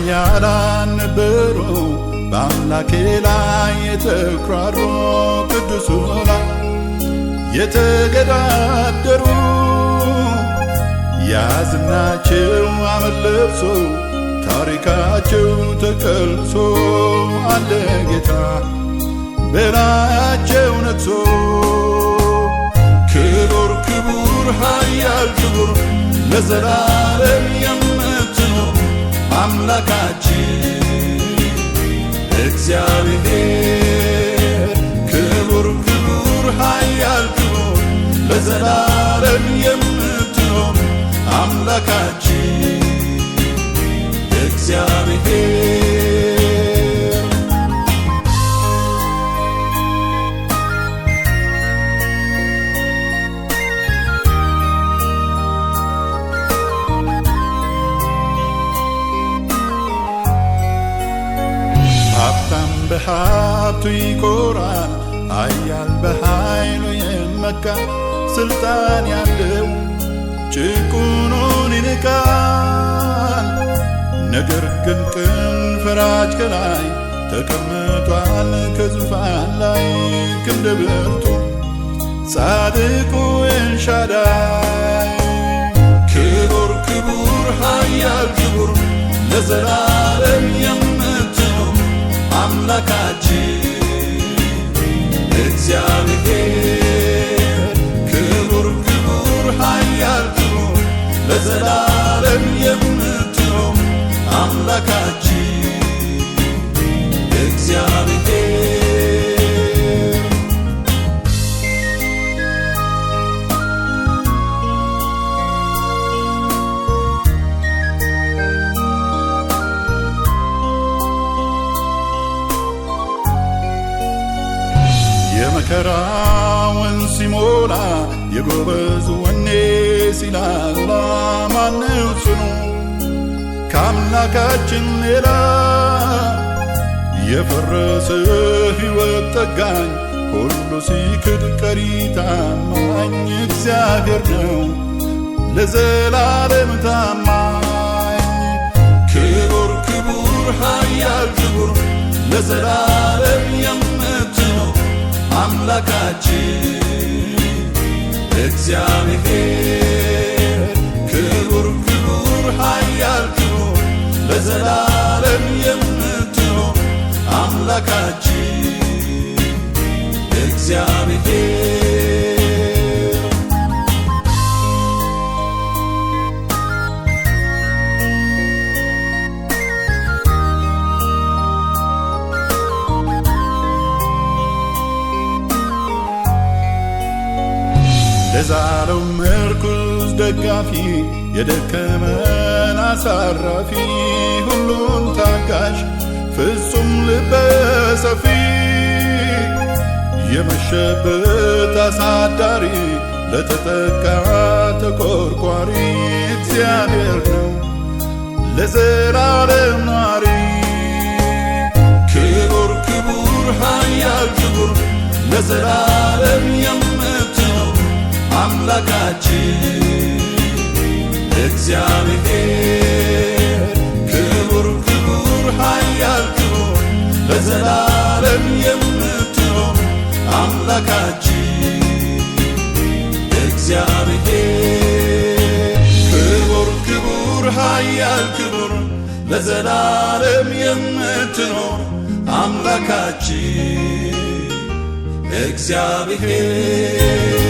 ኃያላን ነበሩ በአምላኬ ላይ የተኩራሩ ቅዱሱ ላይ የተገዳደሩ ያዝናቸው አመድ ታሪካቸው ተቀልሶ አለ ጌታ በላያቸው ነግሶ ክቡር ክቡር ኃያል ክቡር ለዘላለም አምላካችን እግዚአብሔር ክቡር ክቡር ኃያል ክቡር ለዘላለም የምትኖር አምላካችን እግዚአብሔር በሀብቱ ይኮራል፣ ኃያል በኃይሉ የመካ ስልጣን ያለው ጭቁኑን ይንቃል። ነገር ግን ቅን ፈራጅ ከላይ ተቀምጧል ከዙፋን ላይ ክንደ ብርቱ ጻድቁ ኤልሻዳይ ክቡር ክቡር ኃያል ክቡር ለዘላለም አምላካችን እግዚአብሔር ክቡር ክቡር ኃያል ክቡር ለዘላለም የምትኖር አምላካችን መከራውን ሲሞላ የጎበዝ ወኔ ሲላላ ማነው ጽኑ ከአምላካችን ሌላ የፈረሰ ሕይወት ጠጋኝ ሁሉ ሲክድ ቀሪ ታማኝ እግዚአብሔር ነው ለዘላለም ታማኝ ክቡር ክቡር ኃያል ክቡር ለዘላለም ያም አምላካችን እግዚአብሔር ክቡር ክቡር ኃያል ክቡር ለዘላለም የምትኖር አምላካችን የዛሬው ምርኩዝ ደጋፊ የደከመን አሳራፊ ሁሉን ታጋሽ ፍጹም ልበ ሰፊ የመሸበት አሳዳሪ ለተጠቃ ተቆርቋሪ እግዚአብሔር ነው ለዘላለም ኗሪ ክቡር ክቡር ኃያል ክቡር ለዘላለም የም አምላካችን እግዚአብሔር ክቡር ክቡር ኃያል ክቡር በዘላለም የምትኖር አምላካችን እግዚአብሔር ክቡር ክቡር ኃያል ክቡር በዘላለም የምትኖር አምላካችን እግዚአብሔር